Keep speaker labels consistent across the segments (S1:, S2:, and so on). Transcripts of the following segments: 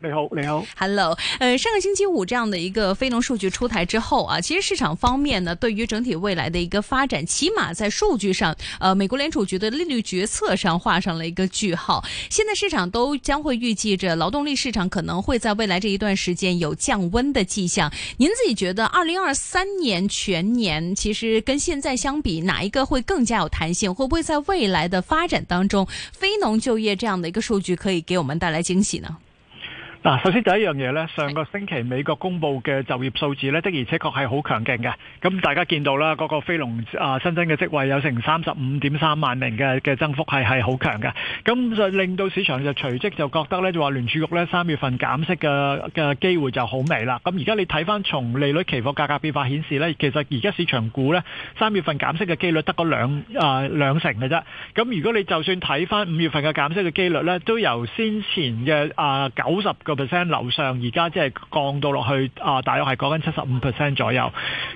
S1: 你好，你好，Hello。呃，上個星期五這樣的一個非農數據出台之後啊，其實市場方面呢，對於整體未來的一個發展，起碼在數據上，呃，美國聯儲局的利率決策上畫上了一個句號。現在市場都將會預計着勞動力市場可能會在未來這一段時間有降溫的跡象。您自己覺得，二零二三年全年其實跟現在相比，哪一個會更加有彈性？會不會在未來的發展當中，非農就業這樣的一個數據可以給我們帶來驚喜呢？
S2: 嗱，首先第一樣嘢呢，上個星期美國公佈嘅就業數字呢，的而且確係好強勁嘅。咁大家見到啦，嗰個非農啊，新增嘅職位有成三十五點三萬名嘅嘅增幅，係係好強嘅。咁就令到市場就隨即就覺得呢，就話聯儲局呢三月份減息嘅嘅機會就好微啦。咁而家你睇翻從利率期貨價格變化顯示呢，其實而家市場估呢三月份減息嘅機率得嗰兩啊兩成嘅啫。咁如果你就算睇翻五月份嘅減息嘅機率呢，都由先前嘅啊九十。呃個 percent 樓上而家即係降到落去啊，大約係講緊七十五 percent 左右。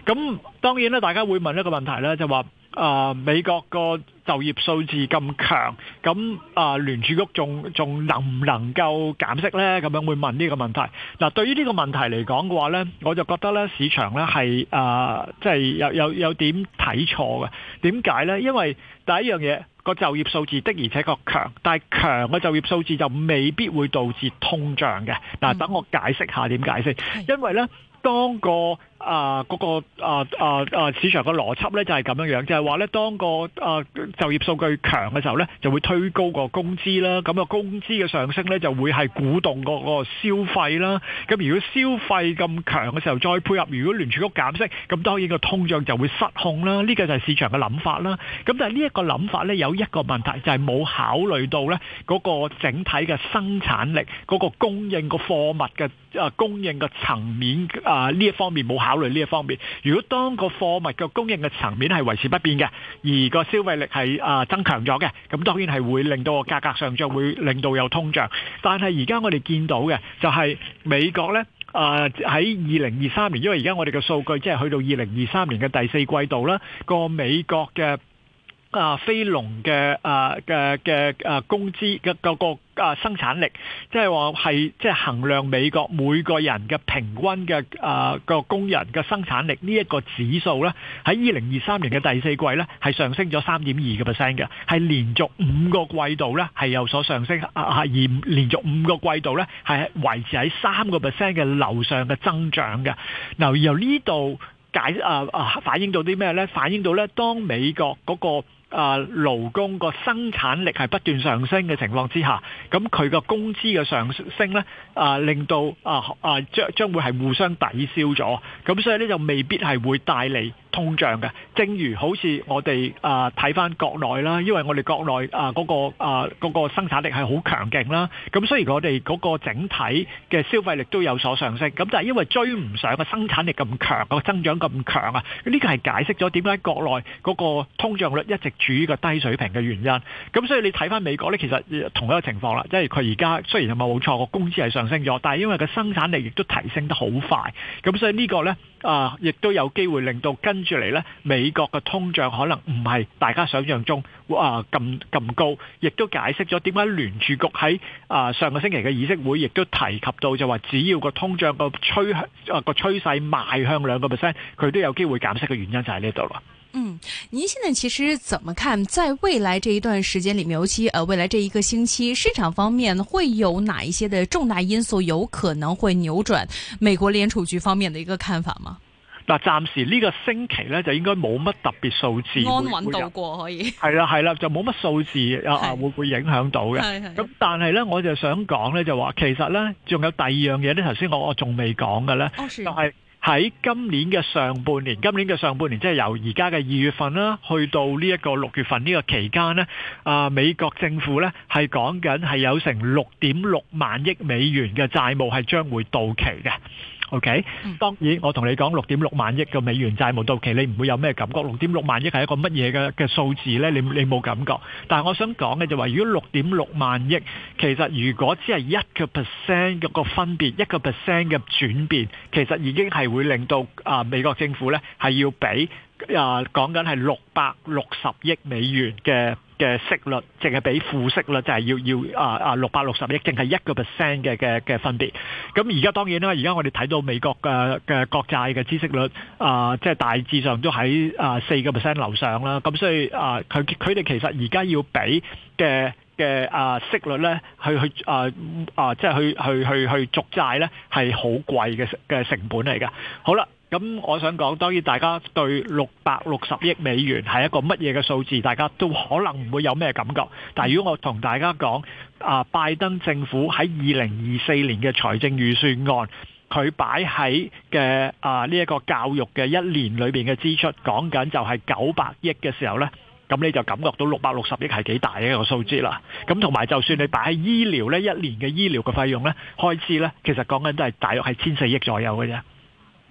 S2: 咁當然啦，大家會問一個問題咧，就話、是。啊、呃！美國個就業數字咁強，咁啊、呃、聯儲局仲仲能唔能夠減息呢？咁樣會問呢個問題。呃、對於呢個問題嚟講嘅話呢，我就覺得呢，市場呢係啊，即、呃、係、就是、有有有點睇錯嘅。點解呢？因為第一樣嘢，個就業數字的而且確強，但係強嘅就業數字就未必會導致通脹嘅。等、呃、我解釋下點解釋。嗯、因為呢當個啊，嗰、那個啊啊市場嘅邏輯呢，就係咁樣樣，就係話呢當個啊就業數據強嘅時候呢，就會推高個工資啦。咁個工資嘅上升呢，就會係鼓動嗰個消費啦。咁如果消費咁強嘅時候，再配合如果聯儲局減息，咁當然個通脹就會失控啦。呢、這個就係市場嘅諗法啦。咁但係呢個諗法呢，有一個問題，就係、是、冇考慮到呢嗰個整體嘅生產力、嗰、那個供應個貨物嘅、呃、供應嘅層面啊呢一方面冇考慮。考慮呢一方面，如果當個貨物嘅供應嘅層面係維持不變嘅，而個消費力係啊增強咗嘅，咁當然係會令到個價格上漲，會令到有通脹。但係而家我哋見到嘅就係美國呢，啊喺二零二三年，因為而家我哋嘅數據即係去到二零二三年嘅第四季度啦，個美國嘅。啊，非農嘅啊嘅嘅啊工資嘅各個啊生產力，即係話係即係衡量美國每個人嘅平均嘅啊個工人嘅生產力呢一個指數咧，喺二零二三年嘅第四季咧係上升咗三點二個 percent 嘅，係連續五個季度咧係有所上升，係、啊、而連續五個季度咧係維持喺三個 percent 嘅樓上嘅增長嘅。嗱、啊，由呢度解啊啊反映到啲咩咧？反映到咧，當美國嗰、嗰個啊，勞工個生產力係不斷上升嘅情況之下，咁佢個工資嘅上升咧，啊令到啊啊將將會係互相抵消咗，咁所以咧就未必係會帶嚟通脹嘅，正如好似我哋啊睇翻國內啦，因為我哋國內啊嗰個啊嗰個生產力係好強勁啦，咁雖然我哋嗰個整體嘅消費力都有所上升，咁但係因為追唔上個生產力咁強，個增長咁強啊，呢個係解釋咗點解國內嗰個通脹率一直處於個低水平嘅原因。咁所以你睇翻美國呢，其實同一個情況啦，即係佢而家雖然係冇錯個工資係上升咗，但係因為個生產力亦都提升得好快，咁所以呢個呢，啊，亦都有機會令到跟跟住嚟呢，美國嘅通脹可能唔係大家想象中啊咁咁高，亦都解釋咗點解聯儲局喺啊上個星期嘅議息會亦都提及到，就話只要個通脹個趨向啊個趨勢邁向兩個 percent，佢都有機會減息嘅原因就喺呢度啦。
S1: 嗯，您現在其實怎麼看，在未來這一段時間裡面，尤其呃未來這一個星期，市場方面會有哪一些的重大因素有可能會扭轉美國聯儲局方面的一個看法嗎？嗯
S2: 嗱，暫時呢個星期咧，就應該冇乜特別數字，安穩度過，可以係啦，係啦，就冇乜數字啊，會唔會影響到嘅？咁但係咧，我就想講咧，就話其實咧，仲有第二樣嘢咧，頭先我我仲未講嘅咧，就係喺今年嘅上半年，今年嘅上半年，即係由而家嘅二月份啦，去到呢一個六月份呢個期間咧，啊，美國政府咧係講緊係有成六點六萬億美元嘅債務係將會到期嘅。O、okay? K，當然我同你講六點六萬億嘅美元債務到期，你唔會有咩感覺。六點六萬億係一個乜嘢嘅嘅數字呢？你你冇感覺。但係我想講嘅就係話如果六點六萬億，其實如果只係一個 percent 嘅分別，一個 percent 嘅轉變，其實已經係會令到啊、呃、美國政府呢，係要俾啊講緊係六百六十億美元嘅。嘅息率淨係俾負息率就係要要啊啊六百六十億，淨係一個 percent 嘅嘅嘅分別。咁而家當然啦，而家我哋睇到美國嘅嘅國債嘅孳息率啊，即、呃、係、就是、大致上都喺啊四個 percent 樓上啦。咁所以、呃、啊，佢佢哋其實而家要俾嘅嘅啊息率咧，去啊啊去啊啊即係去去去去續債咧，係好貴嘅嘅成本嚟㗎。好啦。咁我想講，當然大家對六百六十億美元係一個乜嘢嘅數字，大家都可能唔會有咩感覺。但係如果我同大家講，啊拜登政府喺二零二四年嘅財政預算案，佢擺喺嘅啊呢一個教育嘅一年裏邊嘅支出，講緊就係九百億嘅時候呢，咁你就感覺到六百六十億係幾大嘅一個數字啦。咁同埋，就算你擺喺醫療呢一年嘅醫療嘅費用呢，開支呢其實講緊都係大約係千四億左右嘅啫。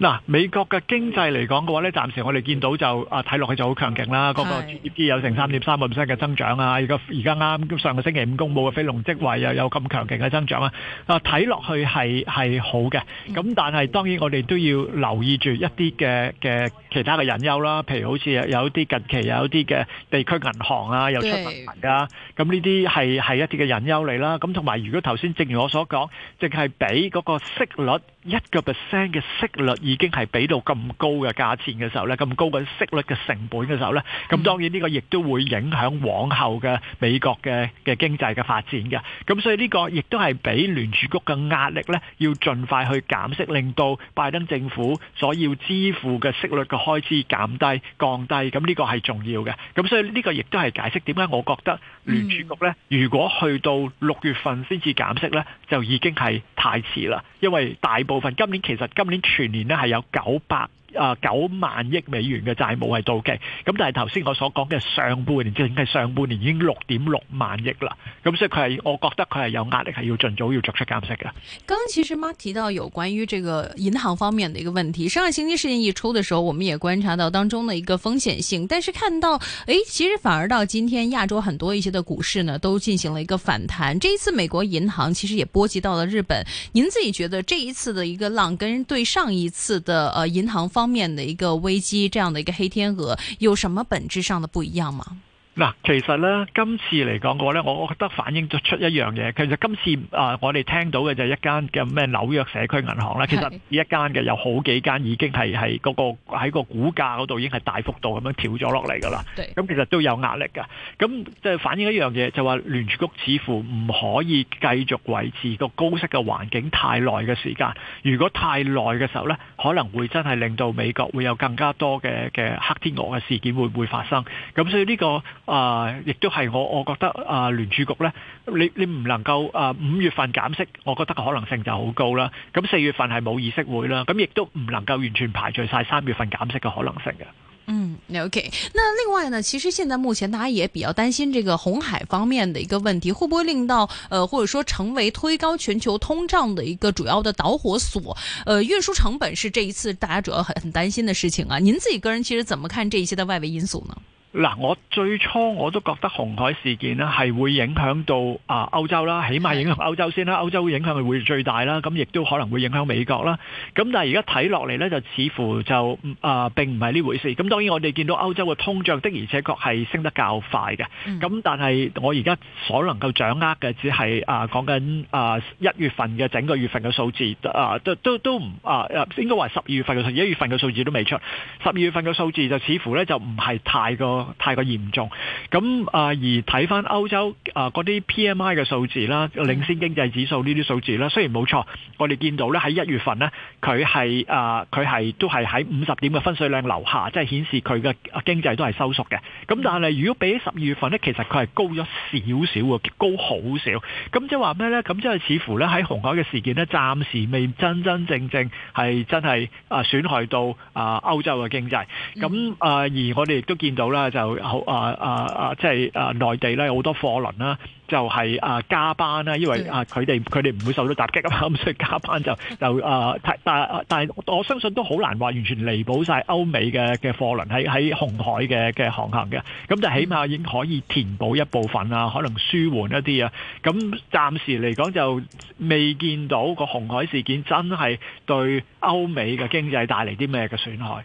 S2: 嗱，美國嘅經濟嚟講嘅話咧，暫時我哋見到就啊，睇落去就好強勁啦。嗰個 GDP 有成三點三個 percent 嘅增長啊，而家而家啱上個星期五公佈嘅非農職位又有咁強勁嘅增長啊，啊睇落去係係好嘅。咁但係當然我哋都要留意住一啲嘅嘅其他嘅隱憂啦，譬如好似有啲近期有啲嘅地區銀行啊，有出問題啦，咁呢啲係係一啲嘅隱憂嚟啦。咁同埋如果頭先正如我所講，淨係俾嗰個息率一個 percent 嘅息率。已經係俾到咁高嘅價錢嘅時候呢，咁高嘅息率嘅成本嘅時候呢，咁當然呢個亦都會影響往後嘅美國嘅嘅經濟嘅發展嘅。咁所以呢個亦都係俾聯儲局嘅壓力呢，要盡快去減息，令到拜登政府所要支付嘅息率嘅開支減低、降低。咁呢個係重要嘅。咁所以呢個亦都係解釋點解我覺得聯儲局呢，如果去到六月份先至減息呢，就已經係太遲啦。因為大部分今年其實今年全年呢。係有九百。啊九、呃、萬億美元嘅債務係到期，咁但係頭先我所講嘅上半年即係上半年已經六點六萬億啦，咁、嗯、所以佢係我覺得佢係有壓力，係要盡早要作出減息嘅。剛
S1: 剛其實 Mark 提到有關於這個銀行方面的一個問題，上個星期事件一出嘅時候，我們也觀察到當中的一個風險性，但是看到誒，其實反而到今天亞洲很多一些的股市呢都進行了一個反彈。這一次美國銀行其實也波及到了日本，您自己覺得這一次的一個浪跟對上一次的呃銀行方，方面的一個危機，這樣的一個黑天鵝，有什麼本質上的不一樣嗎？
S2: 嗱，其實咧，今次嚟講嘅咧，我覺得反映咗出一樣嘢。其實今次啊、呃，我哋聽到嘅就係一間嘅咩紐約社區銀行啦。其實呢一間嘅有好幾間已經係係嗰個喺個股價嗰度已經係大幅度咁樣跳咗落嚟㗎啦。咁對其實都有壓力㗎。咁即係反映一樣嘢，就話聯儲局似乎唔可以繼續維持個高息嘅環境太耐嘅時間。如果太耐嘅時候咧，可能會真係令到美國會有更加多嘅嘅黑天鵝嘅事件會唔會發生。咁所以呢、這個。啊，亦、呃、都係我我覺得啊、呃，聯儲局呢，你你唔能夠啊、呃，五月份減息，我覺得個可能性就好高啦。咁、呃、四月份係冇議息會啦，咁、呃、亦都唔能夠完全排除晒三月份減息嘅可能性
S1: 嘅。嗯，OK，那另外呢，其實現在目前大家也比較擔心這個紅海方面嘅一個問題，會不會令到呃，或者說成為推高全球通脹嘅一個主要嘅導火索？呃，運輸成本是這一次大家主要很很擔心嘅事情啊。您自己個人其實怎麼看這一些嘅外圍因素呢？
S2: 嗱，我最初我都覺得紅海事件咧，係會影響到啊歐洲啦，起碼影響歐洲先啦，歐洲會影響咪會最大啦，咁亦都可能會影響美國啦。咁但係而家睇落嚟咧，就似乎就啊並唔係呢回事。咁當然我哋見到歐洲嘅通脹的而且確係升得較快嘅。咁、嗯、但係我而家所能夠掌握嘅只係啊講緊啊一月份嘅整個月份嘅數字啊都都都唔啊應該話十二月份嘅一月份嘅數字都未出，十二月份嘅數字就似乎咧，就唔係太過太過嚴重，咁啊、呃、而睇翻歐洲啊嗰啲 P M I 嘅數字啦，領先經濟指數呢啲數字啦，雖然冇錯，我哋見到咧喺一月份呢，佢係啊佢係都係喺五十點嘅分水嶺樓下，即係顯示佢嘅經濟都係收縮嘅。咁但係如果比十二月份呢，其實佢係高咗少少嘅，高好少。咁即係話咩呢？咁即係似乎呢，喺紅海嘅事件呢，暫時未真真正正係真係啊損害到啊呃、歐洲嘅經濟。咁啊、呃、而我哋亦都見到啦。就好啊啊啊！即係啊，內地咧好多貨輪啦，就係啊加班啦，因為啊佢哋佢哋唔會受到襲擊啊嘛，咁所以加班就就啊，但但係我相信都好難話完全彌補曬歐美嘅嘅貨輪喺喺紅海嘅嘅航行嘅，咁就起碼已經可以填補一部分啊，可能舒緩一啲啊。咁暫時嚟講就未見到個紅海事件真係對歐美嘅經濟帶嚟啲咩嘅損害。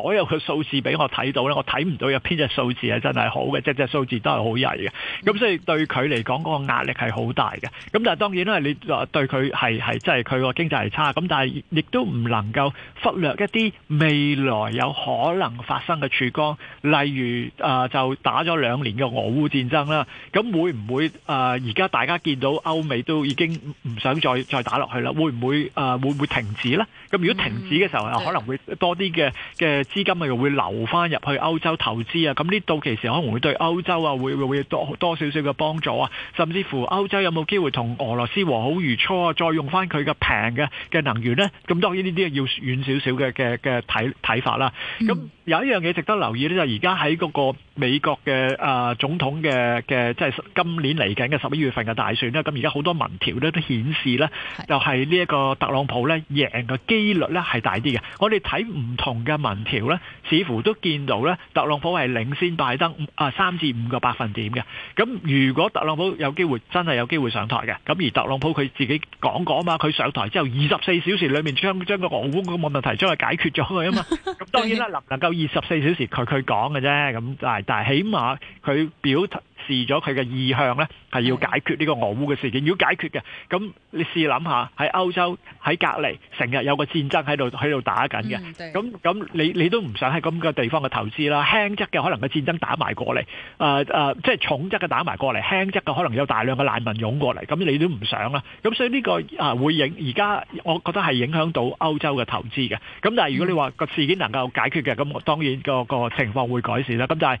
S2: 所有嘅數字俾我睇到咧，我睇唔到有邊隻數字係真係好嘅，即隻數字都係好曳嘅。咁所以對佢嚟講，嗰個壓力係好大嘅。咁但係當然咧，你對佢係係即係佢個經濟係差。咁但係亦都唔能夠忽略一啲未來有可能發生嘅曙光，例如啊，就打咗兩年嘅俄烏戰爭啦。咁會唔會啊？而家大家見到歐美都已經唔想再再打落去啦，會唔會啊？會唔會停止呢？咁如果停止嘅時候，可能會多啲嘅嘅。資金又會流翻入去歐洲投資啊！咁呢到期時可能會對歐洲啊會會會多多少少嘅幫助啊，甚至乎歐洲有冇機會同俄羅斯和好如初啊？再用翻佢嘅平嘅嘅能源呢？咁當然呢啲啊要遠少少嘅嘅嘅睇睇法啦。咁有一樣嘢值得留意呢，就係而家喺嗰個。美國嘅啊總統嘅嘅即係今年嚟緊嘅十一月份嘅大選咧，咁而家好多民調咧都顯示咧，又係呢一個特朗普咧贏嘅機率咧係大啲嘅。我哋睇唔同嘅民調咧，似乎都見到咧，特朗普係領先拜登啊三至五個百分點嘅。咁如果特朗普有機會真係有機會上台嘅，咁而特朗普佢自己講講啊嘛，佢上台之後二十四小時裡面將將個俄烏個問題將佢解決咗啊嘛。咁當然啦，能唔能夠二十四小時佢佢講嘅啫，咁但係。但係起碼佢表。示咗佢嘅意向咧，係要解決呢個俄烏嘅事件，如果解決嘅。咁你試諗下，喺歐洲喺隔離，成日有個戰爭喺度喺度打緊嘅。咁咁你你都唔想喺咁嘅地方嘅投資啦。輕則嘅可能嘅戰爭打埋過嚟，誒誒，即係重則嘅打埋過嚟，輕則嘅可能有大量嘅難民湧過嚟，咁你都唔想啦。咁所以呢個啊會影而家，我覺得係影響到歐洲嘅投資嘅。咁但係如果你話個事件能夠解決嘅，咁當然個個情況會改善啦。咁但係。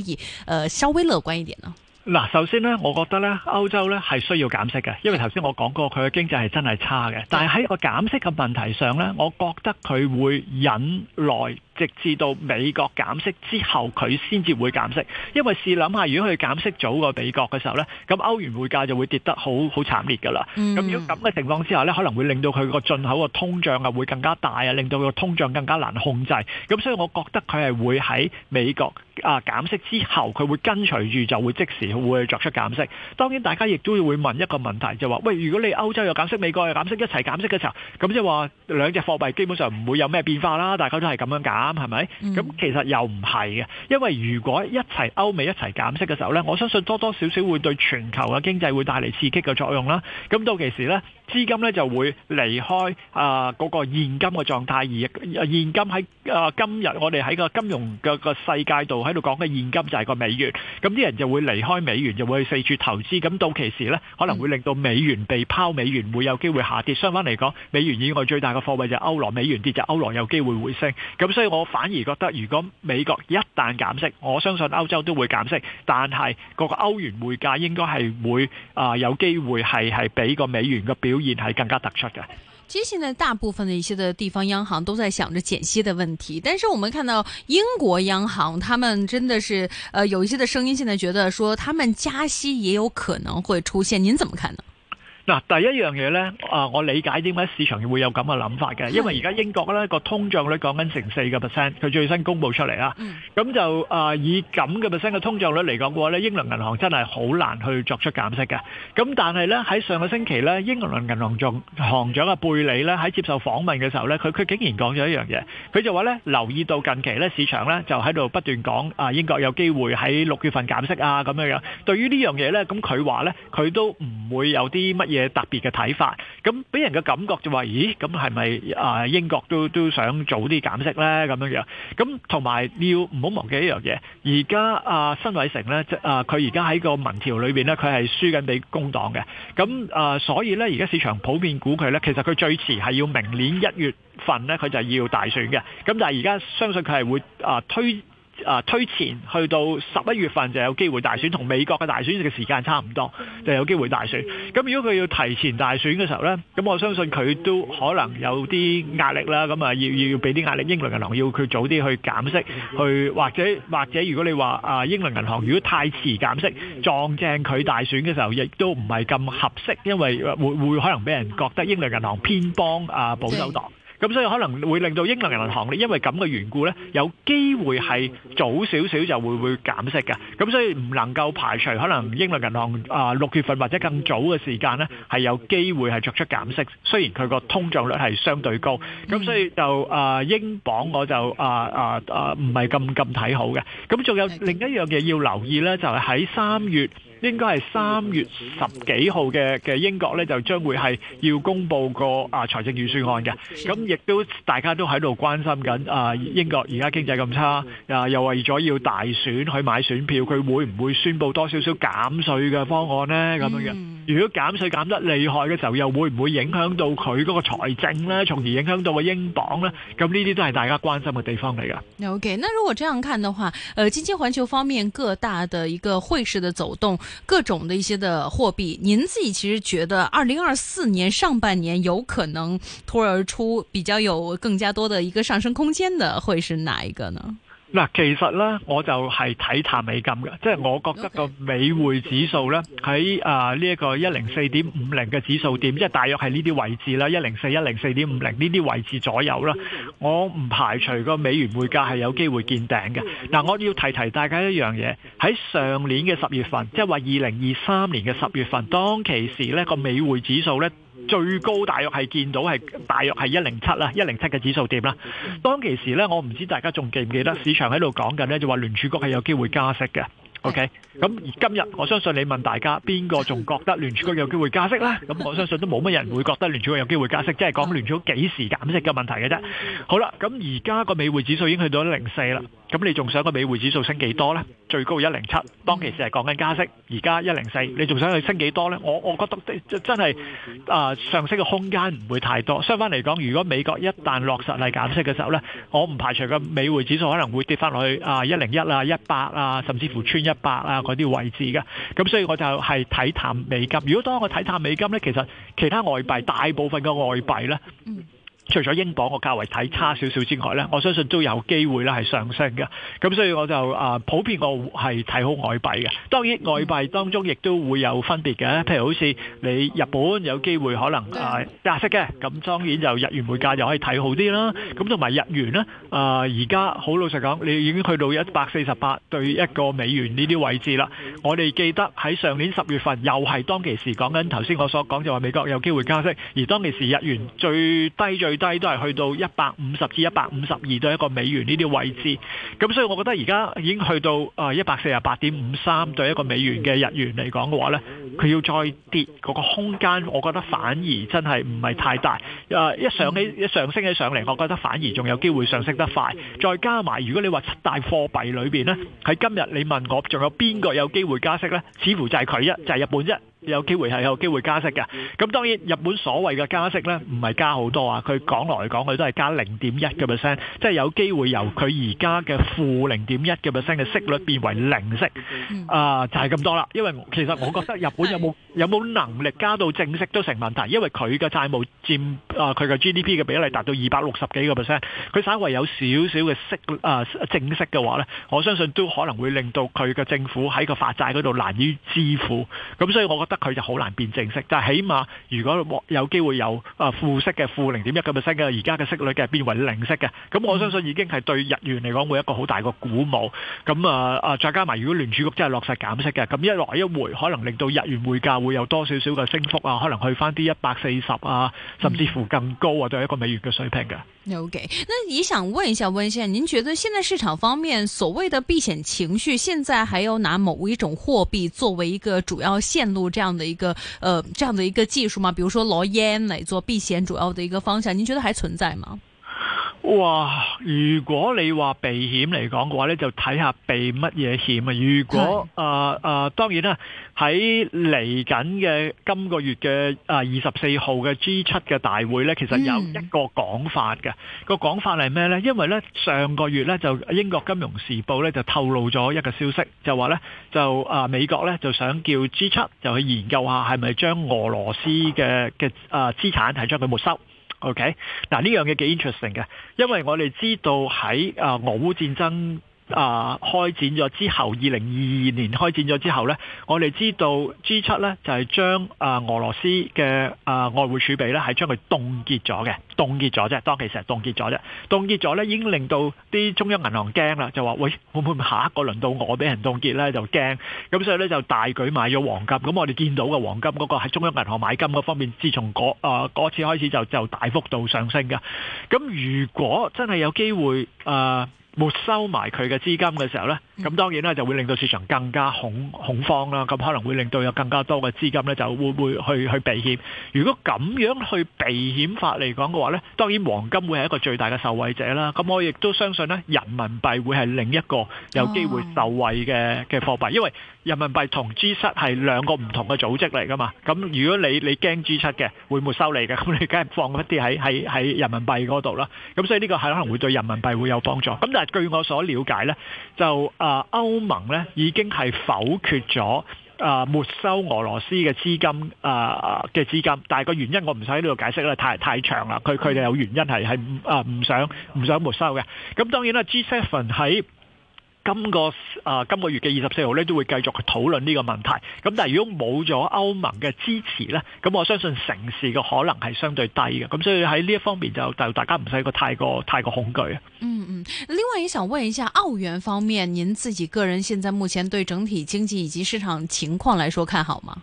S1: 可以誒、呃、稍微樂觀一點咯。
S2: 嗱，首先呢我覺得呢，歐洲呢係需要減息嘅，因為頭先我講過佢嘅經濟係真係差嘅。但係喺個減息嘅問題上呢，我覺得佢會引來。直至到美國減息之後，佢先至會減息，因為試諗下，如果佢減息早過美國嘅時候呢，咁歐元匯價就會跌得好好慘烈噶啦。咁如果咁嘅情況之下呢，可能會令到佢個進口個通脹啊會更加大啊，令到佢個通脹更加難控制。咁所以我覺得佢係會喺美國啊減息之後，佢會跟隨住就會即時會作出減息。當然，大家亦都會問一個問題，就話喂，如果你歐洲又減息，美國又減息，一齊減息嘅時候，咁即係話兩隻貨幣基本上唔會有咩變化啦。大家都係咁樣係咪？咁其實又唔係嘅，因為如果一齊歐美一齊減息嘅時候咧，我相信多多少少會對全球嘅經濟會帶嚟刺激嘅作用啦。咁到期時咧，資金咧就會離開啊嗰個現金嘅狀態，而現金喺啊今日我哋喺個金融嘅個世界度喺度講嘅現金就係個美元。咁啲人就會離開美元，就會去四處投資。咁到期時咧，可能會令到美元被拋，美元會有機會下跌。相反嚟講，美元以外最大嘅貨幣就係歐羅，美元跌就歐羅有機會回升。咁所以我。我反而覺得，如果美國一旦減息，我相信歐洲都會減息，但係個歐元匯價應該係會啊、呃、有機會係係比個美元嘅表現係更加突出嘅。
S1: 其實現在大部分的一些嘅地方央行都在想着減息的問題，但是我們看到英國央行，他們真的是，呃、有一些的聲音，現在覺得說他們加息也有可能會出現，您怎麼看呢？
S2: 嗱，第一樣嘢咧，啊，我理解點解市場會有咁嘅諗法嘅，因為而家英國咧個通脹率講緊成四個 percent，佢最新公布出嚟啦。咁、嗯、就啊、呃，以咁嘅 percent 嘅通脹率嚟講嘅話咧，英倫銀行真係好難去作出減息嘅。咁但係咧，喺上個星期咧，英倫銀行總行長阿貝里咧喺接受訪問嘅時候咧，佢佢竟然講咗一樣嘢，佢就話咧，留意到近期咧，市場咧就喺度不斷講啊，英國有機會喺六月份減息啊咁樣樣。對於呢樣嘢咧，咁佢話咧佢都唔會有啲乜嘢。特別嘅睇法，咁俾人嘅感覺就話，咦？咁係咪英國都都想早啲減息呢？」咁樣樣，咁同埋要唔好忘記一樣嘢，而家啊，辛偉誠呢，即佢而家喺個民調裏面呢，佢係輸緊俾工黨嘅，咁啊、呃，所以呢，而家市場普遍估佢呢，其實佢最遲係要明年一月份呢，佢就要大選嘅，咁但係而家相信佢係會啊、呃、推。推前去到十一月份就有機會大選，同美國嘅大選嘅時間差唔多，就有機會大選。咁如果佢要提前大選嘅時候呢，咁我相信佢都可能有啲壓力啦。咁啊，要要俾啲壓力英倫銀行，要佢早啲去減息，去或者或者如果你話啊，英倫銀行如果太遲減息，撞正佢大選嘅時候，亦都唔係咁合適，因為會，會可能俾人覺得英倫銀行偏幫啊保守黨。咁所以可能會令到英倫銀行咧，因為咁嘅緣故咧，有機會係早少少就會會減息嘅。咁所以唔能夠排除可能英倫銀行啊六月份或者更早嘅時間咧，係有機會係作出減息。雖然佢個通脹率係相對高，咁所以就啊英鎊我就啊啊啊唔係咁咁睇好嘅。咁仲有另一樣嘢要留意咧，就係喺三月。應該係三月十幾號嘅嘅英國咧，就將會係要公布個啊財政預算案嘅。咁亦都大家都喺度關心緊啊英國而家經濟咁差啊，又為咗要大選去買選票，佢會唔會宣布多少少減稅嘅方案呢？咁樣嘅。如果減稅減得厲害嘅時候，又會唔會影響到佢嗰個財政呢？從而影響到個英鎊呢？咁呢啲都係大家關心嘅地方嚟㗎。
S1: OK，那如果這樣看的話，呃，經濟環球方面各大的一個匯市的走動，各種的一些的貨幣，您自己其實覺得二零二四年上半年有可能脫而出比較有更加多的一個上升空間的，會是哪一個呢？
S2: 嗱，其實咧，我就係睇淡美金嘅，即係我覺得個美匯指數咧，喺呢一個一零四點五零嘅指數點，即係大約係呢啲位置啦，一零四一零四點五零呢啲位置左右啦。我唔排除個美元匯價係有機會見頂嘅。嗱，我要提提大家一樣嘢，喺上年嘅十月份，即係話二零二三年嘅十月份，當其時咧個美匯指數咧。最高大約係見到係大約係一零七啦，一零七嘅指數點啦。當其時呢，我唔知大家仲記唔記得市場喺度講緊呢，就話聯儲局係有機會加息嘅。OK，咁而今日我相信你問大家邊個仲覺得聯儲局有機會加息咧？咁我相信都冇乜人會覺得聯儲局有機會加息，即係講聯儲幾時減息嘅問題嘅啫。好啦，咁而家個美匯指數已經去到一零四啦。咁你仲想個美匯指數升幾多呢？最高一零七，當其時係講緊加息，而家一零四，你仲想去升幾多呢？我我覺得真係啊，上升嘅空間唔會太多。相反嚟講，如果美國一旦落實嚟減息嘅時候呢，我唔排除個美匯指數可能會跌翻落去啊一零一啊、一百啊，甚至乎穿一百啊嗰啲位置嘅。咁所以我就係睇淡美金。如果當我睇淡美金呢，其實其他外幣大部分嘅外幣呢，嗯。除咗英鎊個價位睇差少少之外呢，我相信都有機會咧係上升嘅。咁所以我就、啊、普遍我係睇好外幣嘅。當然外幣當中亦都會有分別嘅。譬如好似你日本有機會可能啊加息嘅，咁、啊、當然就日元匯價又可以睇好啲啦。咁同埋日元呢，啊，而家好老實講，你已經去到一百四十八對一個美元呢啲位置啦。我哋記得喺上年十月份又係當其時講緊頭先我所講就話美國有機會加息，而當其時日元最低最。低都係去到一百五十至一百五十二對一個美元呢啲位置，咁所以我覺得而家已經去到啊一百四十八點五三對一個美元嘅日元嚟講嘅話呢，佢要再跌嗰個空間，我覺得反而真係唔係太大。一上起一上升起上嚟，我覺得反而仲有機會上升得快。再加埋如果你話七大貨幣裏邊呢，喺今日你問我仲有邊個有機會加息呢？似乎就係佢一，就係日本一。有機會係有機會加息嘅，咁當然日本所謂嘅加息呢，唔係加好多啊，佢講來講去都係加零點一嘅 percent，即係有機會由佢而家嘅負零點一嘅 percent 嘅息率變為零息，嗯、啊就係、是、咁多啦。因為其實我覺得日本有冇有冇能力加到正息都成問題，因為佢嘅債務佔啊佢、呃、嘅 GDP 嘅比例達到二百六十幾個 percent，佢稍微有少少嘅息啊、呃、正息嘅話呢，我相信都可能會令到佢嘅政府喺個發債嗰度難於支付，咁所以我覺得。得佢就好難變正式，就係起碼如果有機會有啊負息嘅負零點一個 percent 嘅，而家嘅息率嘅變為零息嘅，咁我相信已經係對日元嚟講會一個好大個鼓舞。咁啊啊，再加埋如果聯儲局真係落實減息嘅，咁一來一回可能令到日元匯價會有多少少嘅升幅啊，可能去翻啲一百四十啊，甚至乎更高啊，都係一個美元嘅水平嘅。
S1: O.K.，那你想問一下温先生，您覺得現在市場方面所謂嘅避險情緒，現在還有拿某一種貨幣作為一個主要線路？這樣的一個呃，這樣的一個技術嘛，比如說攞煙來做避險，主要的一個方向，您覺得還存在嗎？
S2: 哇！如果你話避險嚟講嘅話呢，就睇下避乜嘢險啊！如果啊啊的、呃呃，當然啦，喺嚟緊嘅今個月嘅啊二十四號嘅 G 七嘅大會呢，其實有一個講法嘅。嗯、個講法係咩呢？因為呢，上個月呢，就英國金融時報呢就透露咗一個消息，就話呢，就啊、呃、美國呢就想叫 G 七就去研究下係咪將俄羅斯嘅嘅啊資產係將佢沒收。OK，嗱，呢樣嘢幾 interesting 嘅，因為我哋知道喺啊俄烏戰爭。啊！開展咗之後，二零二二年開展咗之後咧，我哋知道 G 七咧就係將啊俄羅斯嘅啊外匯儲備咧係將佢凍結咗嘅，凍結咗啫。當其時係凍結咗啫，凍結咗咧已經令到啲中央銀行驚啦，就話喂，會唔會下一個輪到我俾人凍結咧？就驚咁，所以咧就大舉買咗黃金。咁我哋見到嘅黃金嗰個喺中央銀行買金嗰方面，自從嗰啊嗰次開始就就大幅度上升㗎。咁如果真係有機會啊？沒收埋佢嘅資金嘅時候咧。咁當然啦，就會令到市場更加恐恐慌啦，咁可能會令到有更加多嘅資金咧就會會去去避險。如果咁樣去避險法嚟講嘅話咧，當然黃金會係一個最大嘅受惠者啦。咁我亦都相信咧，人民幣會係另一個有機會受惠嘅嘅貨幣，因為人民幣同 G 七係兩個唔同嘅組織嚟㗎嘛。咁如果你你驚 G 七嘅會沒收你嘅，咁你梗係放一啲喺喺喺人民幣嗰度啦。咁所以呢個係可能會對人民幣會有幫助。咁但係據我所瞭解咧，就啊～啊！歐盟咧已經係否決咗啊，沒收俄羅斯嘅資金啊嘅資金，但係個原因我唔使喺呢度解釋啦，太太長啦。佢佢哋有原因係係啊唔想唔想沒收嘅。咁當然啦，G7 喺。G 今個啊，今個月嘅二十四號咧都會繼續去討論呢個問題。咁但係如果冇咗歐盟嘅支持呢，咁我相信成事嘅可能係相對低嘅。咁所以喺呢一方面就就大家唔使個太過太過恐懼。嗯嗯，
S1: 另外也想問一下澳元方面，您自己個人現在目前對整體經濟以及市場情況來說看好嗎？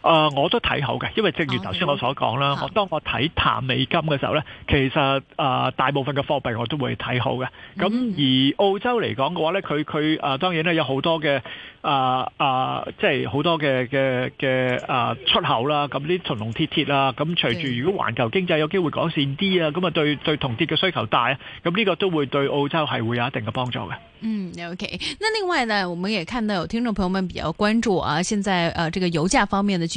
S2: 啊、呃，我都睇好嘅，因為正如頭先我所講啦，Okay. 我當我睇淡美金嘅時候咧，Okay. 其實啊、呃、大部分嘅貨幣我都會睇好嘅。咁而澳洲嚟講嘅話咧，佢佢啊當然咧有好多嘅啊啊，即係好多嘅嘅嘅啊出口啦，咁啲銅龍鐵鐵啦，咁隨住如果環球經濟有機會改善啲啊，咁啊對對銅鐵嘅需求大啊，咁呢個都會對澳洲係會有一定嘅幫助嘅。
S1: 嗯，OK。那另外咧，我們也看到有聽眾朋友們比較關注啊，現在誒，這個油價方面的，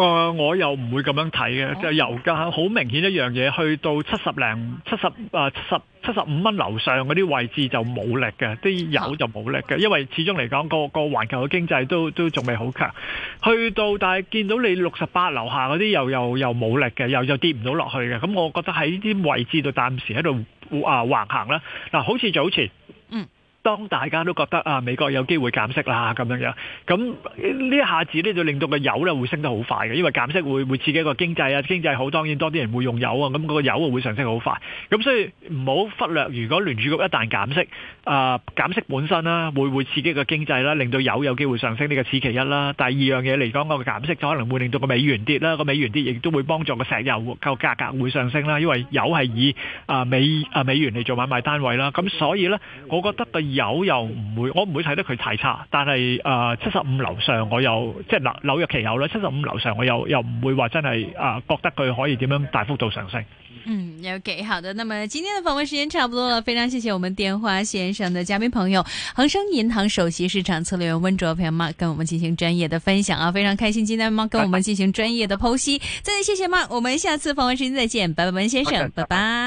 S2: 呃、我又唔會咁樣睇嘅，就油價好明顯一樣嘢，去到七十零、七十啊、七十、七十五蚊樓上嗰啲位置就冇力嘅，啲油就冇力嘅，因為始終嚟講個個環球嘅經濟都都仲未好強，去到但係見到你六十八樓下嗰啲又又又冇力嘅，又又，又，又跌唔到落去嘅，咁我覺得喺呢啲位置度暫時喺度啊橫行啦。嗱，好似早前。當大家都覺得啊美國有機會減息啦咁樣樣，咁呢一下子呢就令到個油咧會升得好快嘅，因為減息會會刺激個經濟啊，經濟好當然多啲人會用油啊，咁、個油會上升好快。咁所以唔好忽略，如果聯儲局一旦減息，啊、呃、減息本身啦會會刺激個經濟啦，令到油有機會上升呢、這個此其一啦。第二樣嘢嚟講，個減息就可能會令到美、個美元跌啦，個美元跌亦都會幫助個石油、個價格會上升啦，因為油係以啊美啊美元嚟做買賣單位啦。咁所以呢，我覺得對。有又唔會，我唔會睇得佢太差。但係誒七十五樓上我，約其上我又即係紐約期有啦。七十五樓上，我又又唔會話真係誒覺得佢可以點樣大幅度上升。
S1: 嗯，OK，好的。那麼今天的訪問時間差不多了，非常謝謝我們電話先生的嘉賓朋友，恒生銀行首席市場策略員溫灼培 Mark 跟我們進行專業的分享啊，非常開心今天 Mark 跟我們進行專業的剖析。再次謝謝 Mark 我們下次訪問時間再見，拜拜，溫先生，拜拜、Okay。Bye bye